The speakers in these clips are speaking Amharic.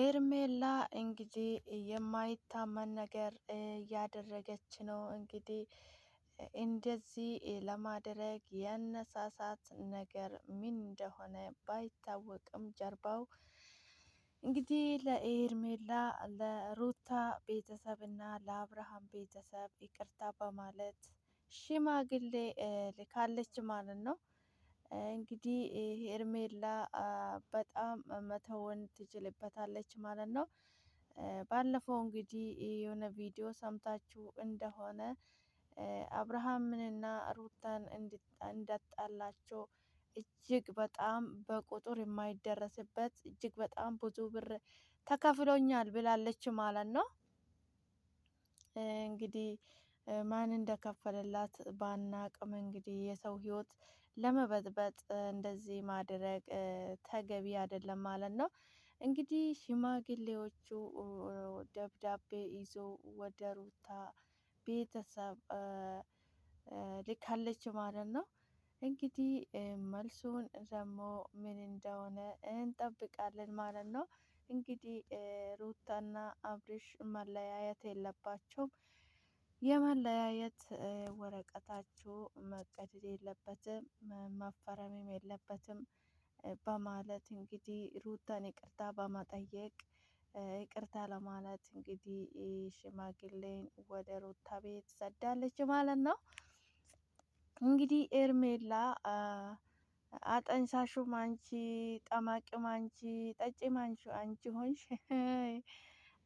ኤርሜላ እንግዲህ የማይታመን ነገር እያደረገች ነው። እንግዲህ እንደዚህ ለማድረግ ያነሳሳት ነገር ምን እንደሆነ ባይታወቅም ጀርባው እንግዲህ ለኤርሜላ ለሩታ ቤተሰብና ለአብርሃም ቤተሰብ ይቅርታ በማለት ሽማግሌ ልካለች ማለት ነው። እንግዲህ ሄርሜላ በጣም መተወን ትችልበታለች ማለት ነው። ባለፈው እንግዲህ የሆነ ቪዲዮ ሰምታችሁ እንደሆነ አብርሃምንና ሩታን እንዳጣላቸው እጅግ በጣም በቁጥር የማይደረስበት እጅግ በጣም ብዙ ብር ተከፍሎኛል ብላለች ማለት ነው። እንግዲህ ማን እንደከፈለላት ባናቅም እንግዲህ የሰው ህይወት ለመበጥበጥ እንደዚህ ማድረግ ተገቢ አይደለም ማለት ነው። እንግዲህ ሽማግሌዎቹ ደብዳቤ ይዞ ወደ ሩታ ቤተሰብ ልካለች ማለት ነው። እንግዲህ መልሱን ደግሞ ምን እንደሆነ እንጠብቃለን ማለት ነው። እንግዲህ ሩታና አብርሽ መለያየት የለባቸውም። የመለያየት ወረቀታችሁ መቀደድ የለበትም፣ መፈረምም የለበትም በማለት እንግዲህ ሩታን ይቅርታ በመጠየቅ ይቅርታ ለማለት እንግዲህ ሽማግሌን ወደ ሩታ ቤት ሰዳለች ማለት ነው። እንግዲህ ኤርሜላ አጠንሳሹ ማንቺ፣ ጠማቂም ማንቺ፣ ጠጪ አንቺ አንቺ ሆንሽ።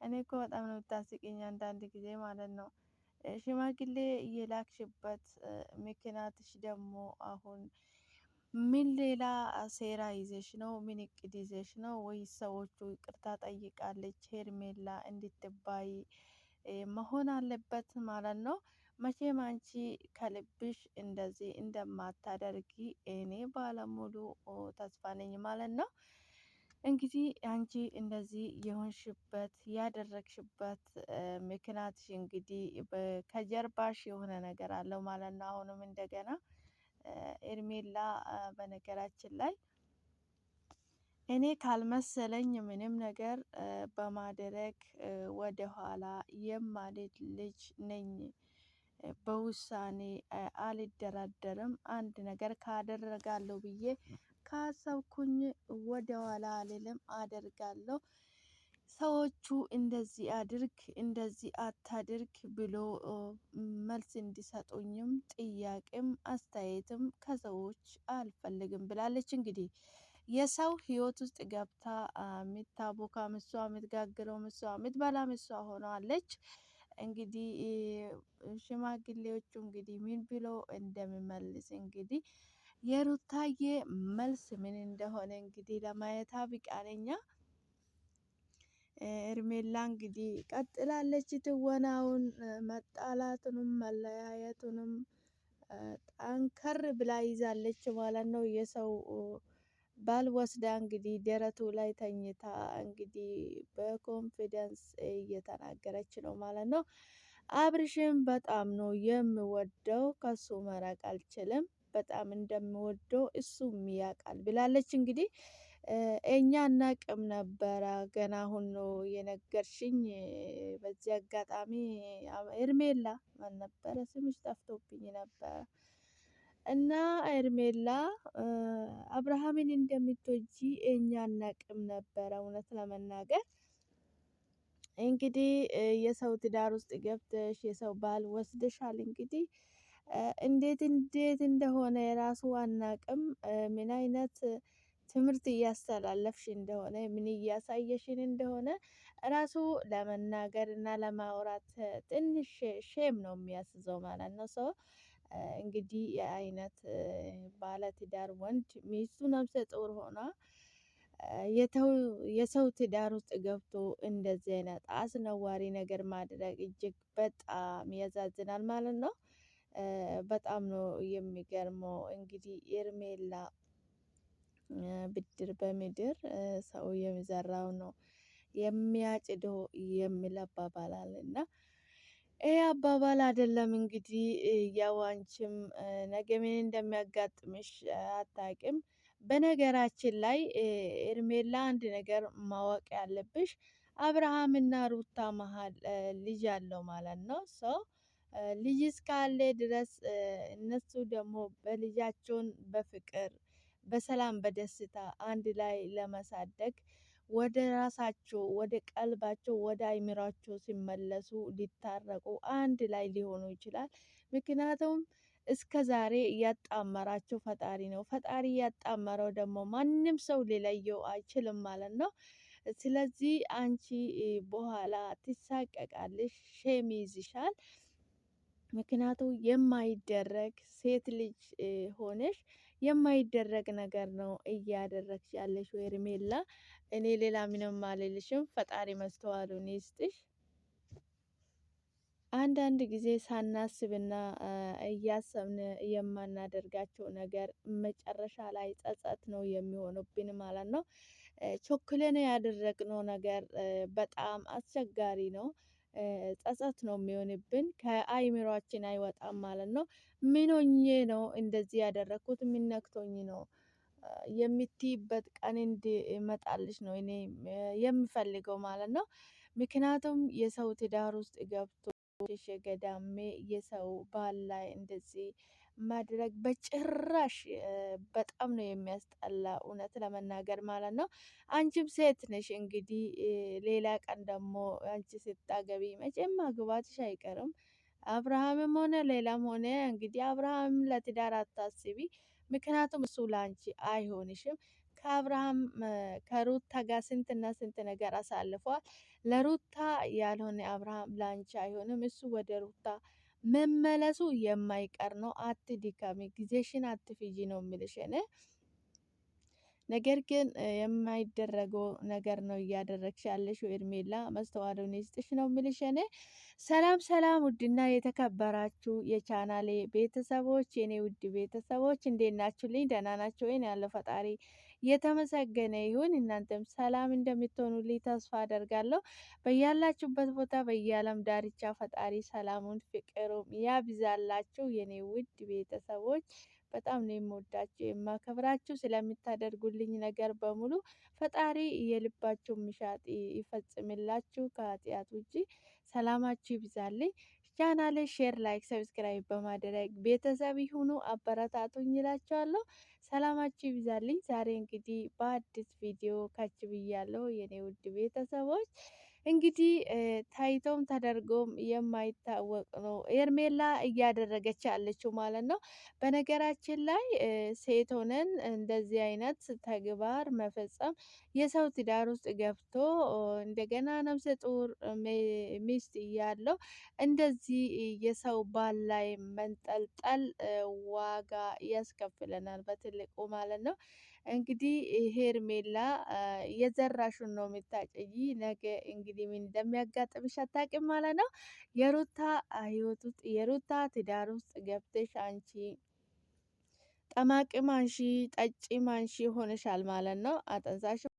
እኔ እኮ በጣም ነው የምታስቂኝ አንዳንድ ጊዜ ማለት ነው። ሽማግሌ የላክሽበት ምክንያትሽ ደግሞ አሁን ምን ሌላ ሴራ ይዘሽ ነው? ምን እቅድ ይዘሽ ነው? ወይ ሰዎቹ ይቅርታ ጠይቃለች ሄርሜላ እንድትባይ መሆን አለበት ማለት ነው። መቼም አንቺ ከልብሽ እንደዚህ እንደማታደርጊ እኔ ባለሙሉ ተስፋ ነኝ ማለት ነው። እንግዲህ አንቺ እንደዚህ የሆንሽበት ያደረግሽበት ምክንያት እንግዲህ ከጀርባሽ የሆነ ነገር አለው ማለት ነው። አሁንም እንደገና ኤርሜላ በነገራችን ላይ እኔ ካልመሰለኝ ምንም ነገር በማድረግ ወደኋላ የማልሄድ ልጅ ነኝ። በውሳኔ አልደራደርም። አንድ ነገር ካደረጋለሁ ብዬ ካሰብኩኝ ወደኋላ አልልም፣ አደርጋለሁ። ሰዎቹ እንደዚህ አድርግ፣ እንደዚህ አታድርግ ብሎ መልስ እንዲሰጡኝም ጥያቄም አስተያየትም ከሰዎች አልፈልግም ብላለች። እንግዲህ የሰው ሕይወት ውስጥ ገብታ ምታቦካ ምሷ ምትጋግረው ምሷ ምትበላ ምሷ ሆኗለች። እንግዲህ ሽማግሌዎቹ እንግዲህ ምን ብለው እንደሚመልስ እንግዲህ የሩታዬ መልስ ምን እንደሆነ እንግዲህ ለማየት አብቃነኛ። እርሜላ እንግዲህ ቀጥላለች ትወናውን፣ መጣላቱንም፣ መለያየቱንም ጠንከር ብላ ይዛለች ማለት ነው የሰው ባል እንግዲህ ደረቱ ላይ ተኝታ እንግዲህ በኮንፊደንስ እየተናገረች ነው ማለት ነው። አብርሽን በጣም ነው የምወደው፣ ከሱ መራቅ አልችልም፣ በጣም እንደምወደው እሱም ያውቃል ብላለች። እንግዲህ እኛ እናቅም ነበረ፣ ገና አሁን ነው የነገርሽኝ። በዚህ አጋጣሚ ሄርሜላ ማን ነበረ ስምሽ? ጠፍቶብኝ ነበረ። እና ኤርሜላ አብርሃምን እንደምትወጂ እኛ አናቅም ነበረ። እውነት ለመናገር እንግዲህ የሰው ትዳር ውስጥ ገብተሽ የሰው ባል ወስደሻል። እንግዲህ እንዴት እንዴት እንደሆነ የራሱ አናቅም፣ ምን አይነት ትምህርት እያስተላለፍሽ እንደሆነ ምን እያሳየሽን እንደሆነ ራሱ ለመናገር እና ለማውራት ትንሽ ሼም ነው የሚያስዘው ማለት ነው ሰው እንግዲህ የአይነት ባለትዳር ወንድ ሚስቱ ነፍሰ ጡር ሆና የሰው ትዳር ውስጥ ገብቶ እንደዚህ አይነት አስነዋሪ ነገር ማድረግ እጅግ በጣም ያዛዝናል ማለት ነው። በጣም ነው የሚገርመው። እንግዲህ ሄርሜላ ብድር በምድር ሰው የሚዘራው ነው የሚያጭደው የሚለባ ባላል እና ይሄ አባባል አይደለም እንግዲህ ያው አንቺም ነገ ምን እንደሚያጋጥምሽ አታቂም። በነገራችን ላይ ኤርሜላ አንድ ነገር ማወቅ ያለብሽ እና ሩታ መሀል ልጅ አለው ማለት ነው። ሰው ልጅ እስካለ ድረስ እነሱ ደግሞ በልጃቸውን በፍቅር በሰላም በደስታ አንድ ላይ ለመሳደግ ወደ ራሳቸው ወደ ቀልባቸው ወደ አይምራቸው ሲመለሱ ሊታረቁ አንድ ላይ ሊሆኑ ይችላል። ምክንያቱም እስከ ዛሬ እያጣመራቸው ፈጣሪ ነው። ፈጣሪ እያጣመረው ደግሞ ማንም ሰው ሊለየው አይችልም ማለት ነው። ስለዚህ አንቺ በኋላ ትሳቀቃለሽ፣ ሼም ይዝሻል። ምክንያቱ የማይደረግ ሴት ልጅ ሆነሽ የማይደረግ ነገር ነው እያደረግሽ ያለሽ ሄርሜላ። እኔ ሌላ ምንም አልልሽም። ፈጣሪ መስተዋሉን ይስጥሽ። አንዳንድ ጊዜ ሳናስብና እያሰብን የማናደርጋቸው ነገር መጨረሻ ላይ ጸጸት ነው የሚሆኑብን ማለት ነው። ቾክለን ያደረግነው ነገር በጣም አስቸጋሪ ነው። ጸጸት ነው የሚሆንብን፣ ከአይምሯችን አይወጣም ማለት ነው። ምን ሆኜ ነው እንደዚህ ያደረግኩት? ምን ነክቶኝ ነው የምትይበት ቀን እንዲመጣልሽ ነው እኔ የምፈልገው ማለት ነው። ምክንያቱም የሰው ትዳር ውስጥ ገብቶ ገዳሜ የሰው ባል ላይ እንደዚህ ማድረግ በጭራሽ በጣም ነው የሚያስጠላ፣ እውነት ለመናገር ማለት ነው። አንቺም ሴት ነሽ እንግዲህ ሌላ ቀን ደግሞ አንቺ ስታገቢ መቼም ማግባትሽ አይቀርም። አብርሃምም ሆነ ሌላም ሆነ እንግዲህ አብርሃም ለትዳር አታስቢ፣ ምክንያቱም እሱ ለአንቺ አይሆንሽም። ከአብርሃም ከሩታ ጋር ስንትና ስንት ነገር አሳልፏል። ለሩታ ያልሆነ አብርሃም ለአንቺ አይሆንም። እሱ ወደ ሩታ መመለሱ የማይቀር ነው። አትድከሚ፣ ጊዜሽን አትፍጂ ነው የሚልሽ። ነገር ግን የማይደረገው ነገር ነው እያደረግሽ ያለሽ። ሄርሜላ መስተዋሉን ይስጥሽ ነው የምልሽ። እኔ ሰላም ሰላም፣ ውድና የተከበራችሁ የቻናሌ ቤተሰቦች፣ የኔ ውድ ቤተሰቦች እንዴት ናችሁልኝ? ደህና ናችሁ ወይን ያለው ፈጣሪ የተመሰገነ ይሁን። እናንተም ሰላም እንደምትሆኑልኝ ተስፋ አደርጋለሁ። በያላችሁበት ቦታ በየዓለም ዳርቻ ፈጣሪ ሰላሙን ፍቅሩም ያብዛላችሁ የኔ ውድ ቤተሰቦች በጣም ነው የምወዳችሁ የማከብራችሁ። ስለምታደርጉልኝ ነገር በሙሉ ፈጣሪ የልባችሁ ምሻጥ ይፈጽምላችሁ። ከኃጢአት ውጪ ሰላማችሁ ይብዛልኝ። ቻናሌ ሼር፣ ላይክ፣ ሰብስክራይብ በማድረግ ቤተሰብ ይሁኑ። አበረታቱኝ ይላቸዋለሁ። ሰላማችሁ ይብዛልኝ። ዛሬ እንግዲህ በአዲስ ቪዲዮ ካች ብያለሁ የኔ ውድ ቤተሰቦች እንግዲህ ታይቶም ተደርጎም የማይታወቅ ነው ሄርሜላ እያደረገች ያለችው ማለት ነው። በነገራችን ላይ ሴት ሆነን እንደዚህ አይነት ተግባር መፈጸም የሰው ትዳር ውስጥ ገብቶ እንደገና ነብሰ ጡር ሚስት እያለው እንደዚህ የሰው ባል ላይ መንጠልጠል ዋጋ ያስከፍለናል በትልቁ ማለት ነው። እንግዲህ ሄርሜላ የዘራሹን ነው የምታጭይ። ነገ እንግዲህ ምን እንደሚያጋጥምሽ አታውቂም ማለት ነው። የሩታ ህይወት ውስጥ የሩታ ትዳር ውስጥ ገብተሽ አንቺ ጠማቂ ማንሺ፣ ጠጪ ማንሺ ሆነሻል ማለት ነው። አጠንሳሽ